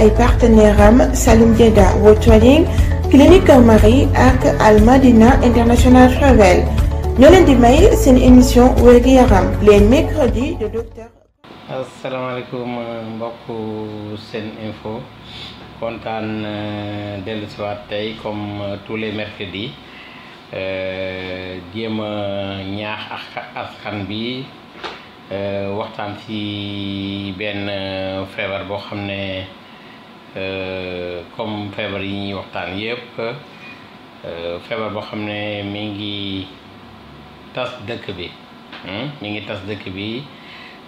ay partenaire am Saloum Dieda World Trading Clinique Marie ak Al Madina International Travel ñoo leen di may seen émission wérgu yaram les mercredis de docteur. asalaamaaleykum mbokku seen info kontaan euh, dellu si waat tey comme euh, tous les mercredis euh, jéem a ñaax ak askan bi. waxtaan ci benn feebar boo xam ne Euh, comme feebar yi ñuy waxtaan yëpp euh, feebar boo xam ne mi ngi tas dëkk bi hmm? mi ngi tas dëkk bi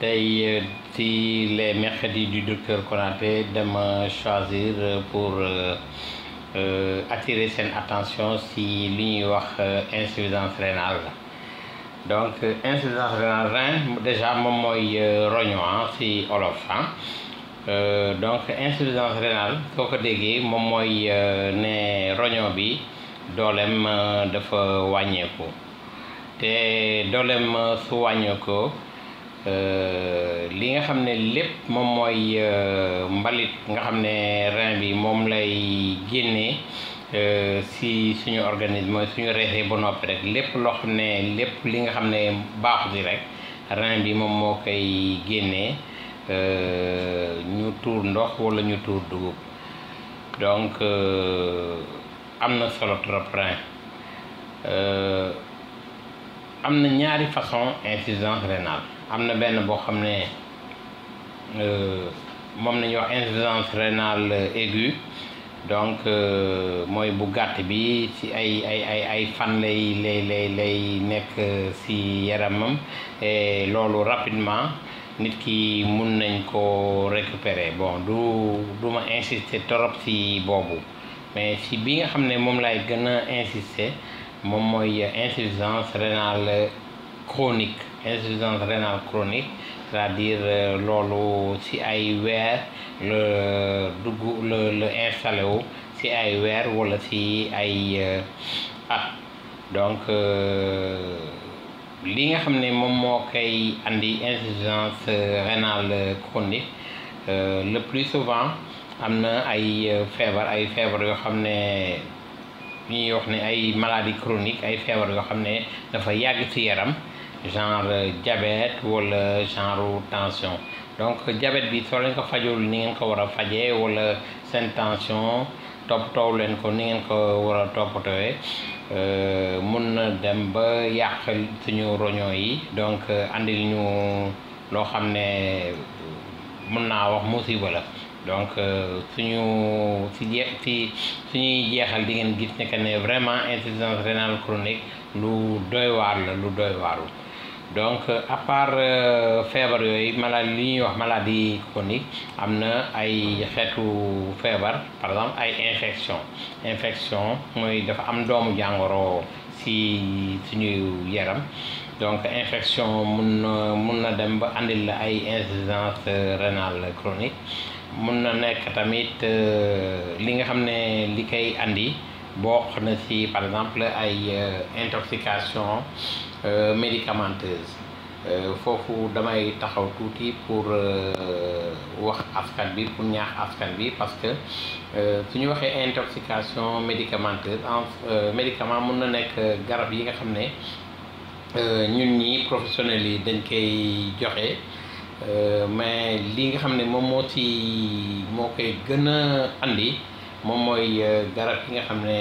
tey euh, ci les mercredis du docteur Konaté dama choisir pour attirer seen attention si li ñuy wax insuffisance rénale donc insuffisance rénale rein déjà moom mooy roño si ah, olof ah Euh, donc insuffisance rénale soo ko déggee moom mooy euh, ne roño bi dooleem euh, dafa wàññeeku te dooleem su wàññeekoo li nga xam ne lépp moom mooy mbalit nga xam ne rein bi moom lay génnee si suñu organisme mooy suñu reesee ba noppi rek lépp loo xam ne lépp li nga xam ne baaxu si rek rein bi moom moo koy génnee Euh, ñu tuur ndox wala ñu tuur dugub donc euh, am na solo trop ren euh, am na ñaari façon insuffisance rénale am na benn boo xam ne moom la ñuy wax insuffisance rénale aiguë donc mooy bu gàtt bi ci ay ay ay ay fan lay lay lay nekk ci yaramam loolu rapidement nit ki mun nañ ko récupérer bon du du ma insister trop si boobu mais si bi nga xam ne moom laay gën a insister moom mooy insuffisance rénale chronique insuffisance rénale chronique c'est-à-dire euh, loolu si ay weer la dugg la la installé wu si ay weer wala si ay euh, at donc. Euh, li nga xam ne moom moo koy andi insuffisance euh, rénale chronique euh, le plus souvent am na ay euh, feebar ay feebar yoo xam ne ñuy wax ne ay maladie chronique ay feebar yoo xam ne dafa yàgg ci yaram genre diabète walla genre tension donc diabète bi soo leen ko fajul ni ngeen ko war a faje wala seen tension toow leen ko ni ngeen ko war a toppatoowee Euh, mun na dem ba yàq suñu roño yi donc euh, andil ñu loo xam ne mun naa wax musiba la donc euh, suñu si jeex si suñuy jeexal di ngeen gis ni que ne vraiment insuffisance rénale chronique lu doy waar la lu doy waaru donc à part euh, feebar yooyu maladi li ñuy wax maladie chronique am na ay xeetu feebar par exemple ay infection infection mooy dafa am doomu jàngoro ci suñuy yaram donc infection mun na mun na dem ba andil la ay insuffisance rénale chronique mun na nekk tamit euh, li nga xam ne li koy andi boo bokk ne ci par exemple ay euh, intoxication Euh, médicamenteuse euh, foofu damay taxaw tuuti pour euh, wax askan bi pour ñaax askan bi parce que su ñu waxee intoxication médicamenteuse en médicament mën na nekk garab yi nga xam ne ñun ñi professionnels yi dañ koy joxe mais li nga xam ne moom moo ci moo koy gën a andi moom mooy garab yi nga xam ne.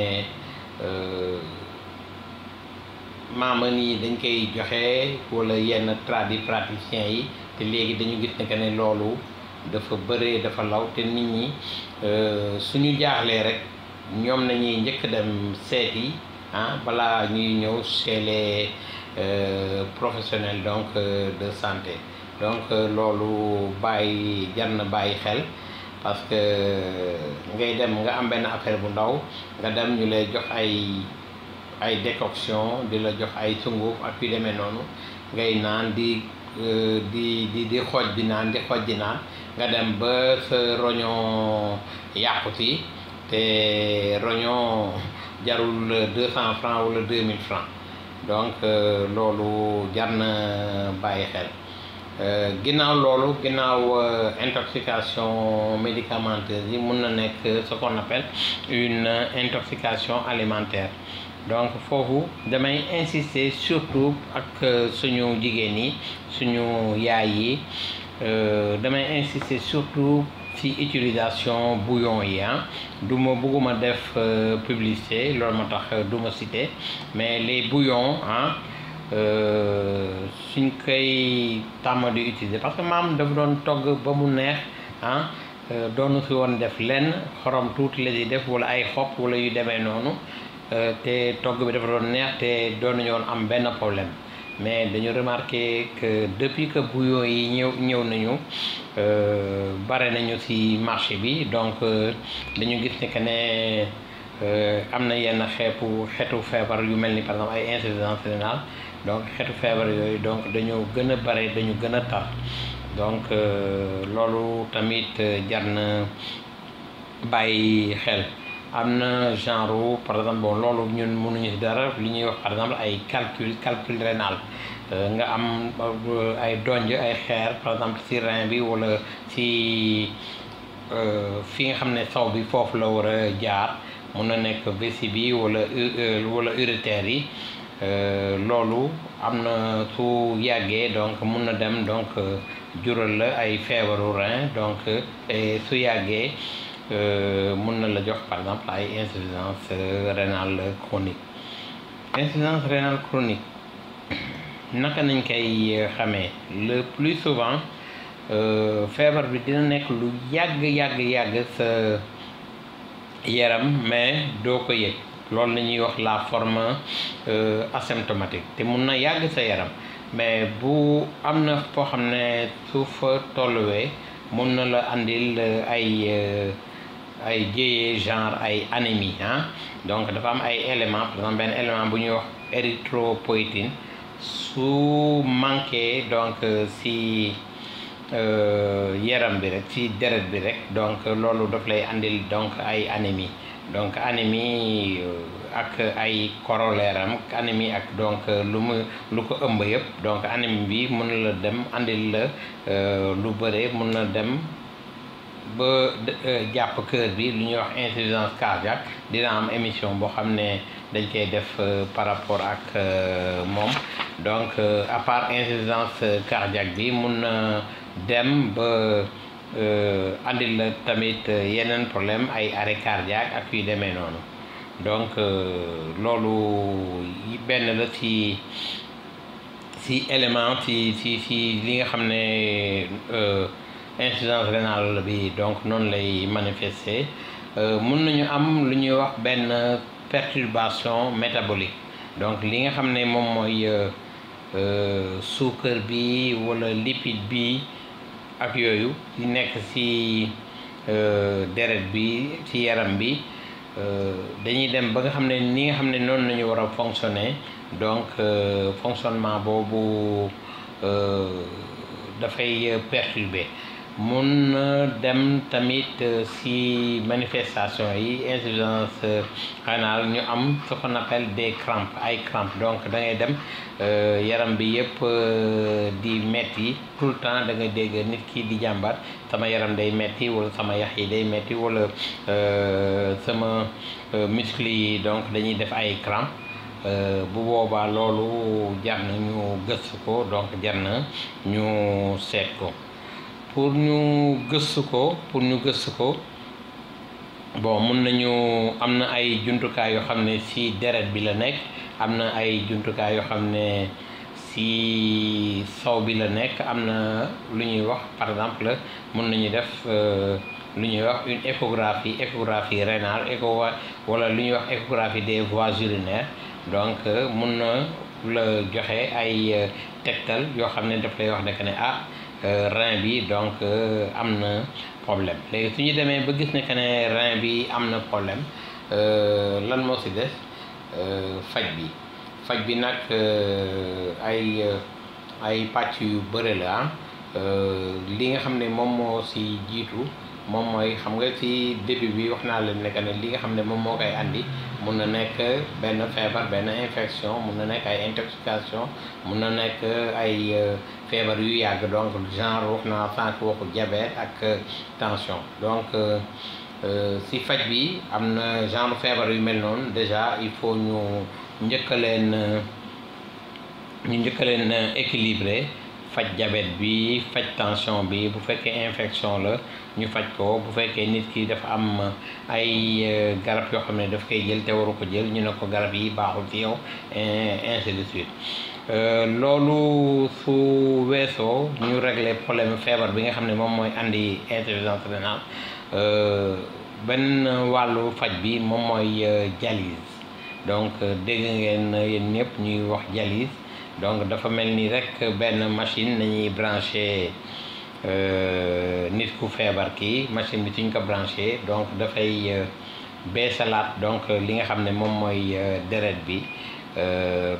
maaman yi dañ koy joxe wala yenn tradipraticiens yi te léegi dañu gis ne ne loolu dafa bëree dafa law te nit ñi euh, suñu jaaxlee rek ñoom nañuy njëkk dem seet yi ah balaa ñuy ñëw chez les euh, donc euh, de santé donc loolu bàyyi jar na bàyyi xel parce que ngay dem nga am benn affaire bu ndaw nga dem ñu lay jox ay. ay décoction di la jox ay sunguf ak yu demee noonu ngay naan di euh, di di di xooj di naan di xooj di naan nga dem ba sa roño yàquti te roño jarul deux cent francs wala deux mille francs donc euh, loolu jar na bàyyi xel euh, ginnaaw loolu ginnaaw intoxication médicamenteuse yi mun na nekk ce qu'on une intoxication alimentaire donc foofu damay insister surtout ak euh, suñu jigéen yi suñu yaay yi euh, damay insister surtout ci utilisation bouillon yi duma ah. du ma bëgguma def euh, publicité loolu ma tax du ma citer mais les bouillons ah suñ koy tàmm di utiliser parce que maam dafa doon togg ba mu neex ah doonu fi woon def lenn xorom tuuti la di def wala ay xob wala yu demee noonu Euh, te togg bi dafa doon neex te doon nañu woon am benn problème mais dañu remarqué que depuis que bouillon yi ñëw ñëw nañu euh, bare nañu ci marché bi donc euh, dañu gis ne que ne am na yenn xeetu xeetu feebar yu mel ni par exemple ay insuffisance rénale donc xeetu feebar yooyu donc dañu gën a bare dañu gën a tar donc loolu tamit jar na bàyyi xel. am na genre par exemple bon loolu ñun mënuñu si dara lu ñuy wax par exemple ay calcul calcul rénal euh, nga am euh, ay donj ay xeer par exemple ci rein bi wala ci euh, fi nga xam ne saw bi foofu la war a jaar mun na nekk vessie bi wala e e, wala urétère yi loolu am na su yàggee donc mun na dem donc jural la ay feebaru rein donc su yàggee Euh, mun na la jox par exemple ay insuffisance rénale chronique insuffisance rénale chronique naka nañ koy xamee le plus souvent euh, feebar bi dina nekk lu yàgg yàgg yàgg sa yaram mais doo ko yëg loolu la ñuy wax la forme euh, asymptomatique te mun na yàgg sa yaram mais bu am na foo xam ne su fa tolluwee mun na la andil ay ay jéyee genre ay anémie ah donc dafa am ay éléments par exemple benn élément bu ñuy wax érythropoïtine su manqué donc euh, si euh, yaram bi rek si deret bi rek donc loolu daf lay andil donc ay anémie donc anémie euh, ak ay corollaire am anémie ak donc lu mu lu ko ëmb yëpp donc anémie bi mën la dem andil la lu bëre mun na dem ba euh, jàpp cœur bi lu ñuy wax insuffisance cardiaque dina am émission boo xam ne dañ koy def euh, par rapport ak euh, moom donc à part insuffisance cardiaque bi mun na dem ba andil la tamit yeneen problème ay arrêt cardiaque ak yu demee noonu donc loolu benn la ci ci élément ci ci li nga xam ne. insuffisance rénale bi donc noonu lay manifester euh, mun nañu am lu ñuy wax benn perturbation métabolique donc li nga xam ne moom mooy euh, euh, suukar bi wala lipide bi ak yooyu di nekk ci deret bi ci yaram bi dañuy dem ba nga xam ne ni nga xam ne noonu lañu war a fonctionner donc fonctionnement boobu dafay perturber mun na dem tamit si manifestation yi insuffisance euh, rénale ñu am ce qu'on appelle des crampes ay crampes donc dangay ngay dem euh, yaram bi yëpp euh, di metti tout le temps da nga dégg nit ki di jàmbat sama yaram day metti wala sama yax yi day metti wala sama muscle yi donc dañuy def ay crampes bu boobaa loolu jar na ñu gëstu ko donc jar na ñu seet ko pour ñu gëstu ko pour ñu gëstu ko bon mun nañu am na ay jumtukaay yoo xam ne ci deret bi la nekk am na ay jumtukaay yoo xam ne ci saw bi la nekk am na lu ñuy wax par exemple mun nañu def euh, lu ñuy wax une échographie échographie rénale écho wala lu ñuy wax échographie des voies urinaires donc mun na la joxe ay euh, tegtal yoo xam ne daf lay wax ne que ne ah. Euh, rein bi donc euh, am na problème léegi su ñu demee ba gis ne que ne rein bi am na problème euh, lan moo ci des faj bi faj bi nag ay ay pàcc yu bëre la li nga xam ne moom moo ci jiitu. moom mooy xam nga ci début bi wax naa leen ne li nga xam ne moom moo koy andi mun na nekk benn feebar benn infection mun na nekk ay intoxication mun na nekk ay euh, feebar yu yàgg donc genre wax naa sànq waxu diabète ak euh, tension donc euh, si faj bi am na genre feebar yu mel noonu déjà il faut ñu njëkkaleen ñu njëkkaleen équilibré faj diabète bi faj tension bi bu fekkee infection la ñu faj ko bu fekkee nit ki dafa am ay euh, garab yoo xam ne daf koy jël te waru ko jël ñu ne ko garab yi baaxul ci yow ainsi de euh, loolu su weesoo ñu régler problème feebar bi nga xam ne moom mooy andi insuffisance rénale euh, benn wàllu faj bi moom mooy dialyse donc dégg ngeen yéen ñëpp ñuy wax dialyse donc dafa mel nii rek benn machine nañuy branché Euh, nit ku feebar kii machine bi suñ ko branché donc dafay euh, beesalaat donc li nga xam ne moom mooy euh, deret bi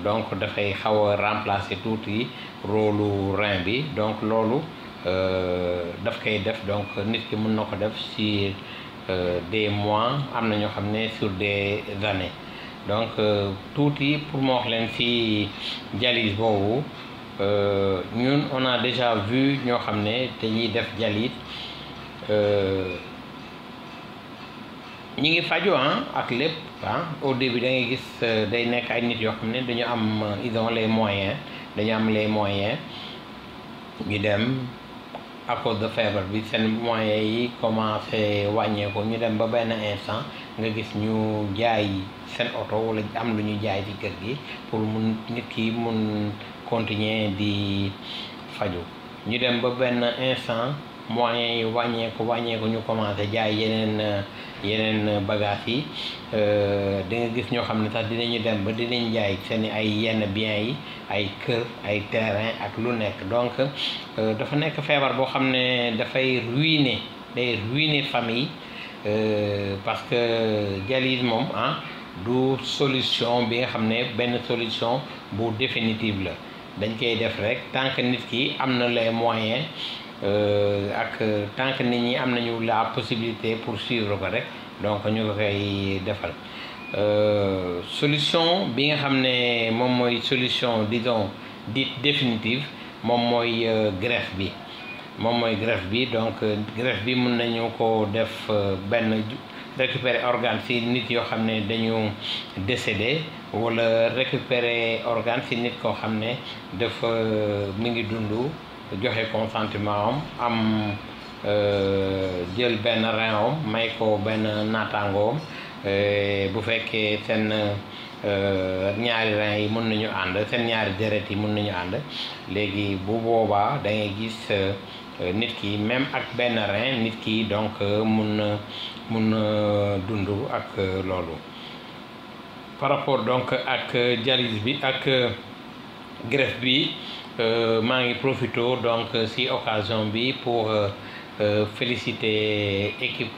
donc dafay xaw a remplacer tuuti rôlu rein bi donc loolu daf koy def donc nit ki mun na ko def sur des mois am na ñoo xam ne sur des années donc tuuti pour moo wax leen si dialyse boobu Euh, ñun on a déjà vu ñoo xam ne dañuy def jalit euh, ñi ngi faju ah, ak lépp ah au début da ngay gis euh, day nekk ay nit yoo xam ne dañu am ils ont les moyens dañu am les moyen ñu dem à cause de feebar bi seen moyens yi commencé wàññeeku ñu dem ba benn instant nga gis ñu jaay seen oto wala am lu ñu jaay ci kër gi pour mun nit ki mun continuer di faju ñu dem ba benn instant moyens yi wàññeeku wàññeeku ñu commencé jaay yeneen yeneen bagages yi euh, di nga gis ñoo xam ne sax dinañu dem ba dinañ jaay seen ay yenn biens yi ay kër ay terrain ak lu nekk donc euh, dafa nekk feebar boo xam ne dafay ruiner day ruiner famille euh, parce que jalis moom ah du solution bi nga xam ne benn solution bu définitive la dañ koy def rek tant que nit ki am na les moyens euh, ak euh, tant nit ñi am nañu la possibilité pour suivre ko rek donc ñu ko koy defal euh, solution bi nga xam ne moom mooy solution disons dite définitive moom mooy greffe bi moom mooy greffe bi donc greffe bi mën nañu ko def benn récupérer organe si nit yoo xam ne dañu décédé wala récupérer organe si nit koo xam ne dafa euh, mi ngi dund joxe consentement am am euh, jël benn rein om may ko benn naataangoom euh, bu fekkee seen Euh, ñaari rein yi mun nañu ànd seen ñaari deret yi mun nañu ànd léegi bu boobaa da ngay gis euh, nit ki même ak benn rein nit ki donc euh, mun na mun na dund ak loolu par rapport donc ak dialyse bi ak greffe bi maa ngi profito donc si occasion bi pour féliciter équipe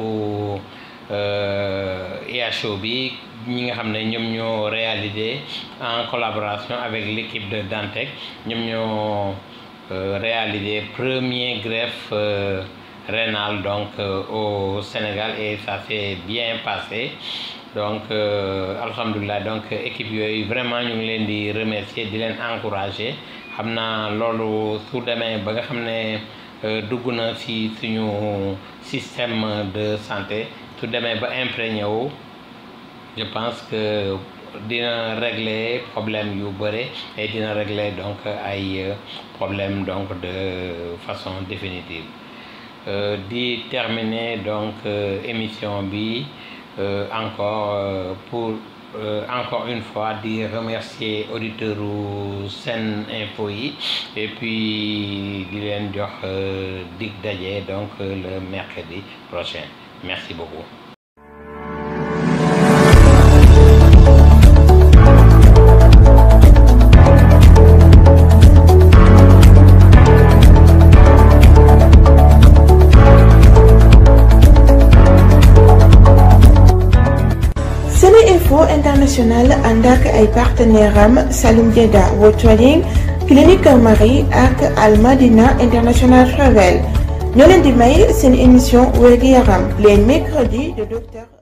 IHO euh, e bi ñi nga xam ne ñoom ñoo réalisé en collaboration avec l'équipe de Dantec ñoom ñoo euh, réalisé premier greffe euh, rénal donc au Sénégal et ça s'est bien passé donc alhamdulilah donc équipe yooyu vraiment ñu ngi leen di remercier di leen encourager xam naa loolu su demee ba nga xam ne dugg na si suñu système de santé. su demee ba imprégné wu je pense que dina régler problème yu bëri et dina régler donc ay euh, problème donc de façon définitive euh, di terminer donc euh, émission bi euh, encore euh, pour encore une fois di remercier auditeurs u Sene Info yi et puis di leen jox dig daje donc le mercredi prochain Merci beaucoup. Seneinfo International ànd ak ay partenaire am Saloum Dieda World Trading Clinique Marie ak Al Madina International Travel ñoo leen di may seen émission wér-gu-yaram les mercredis de docteur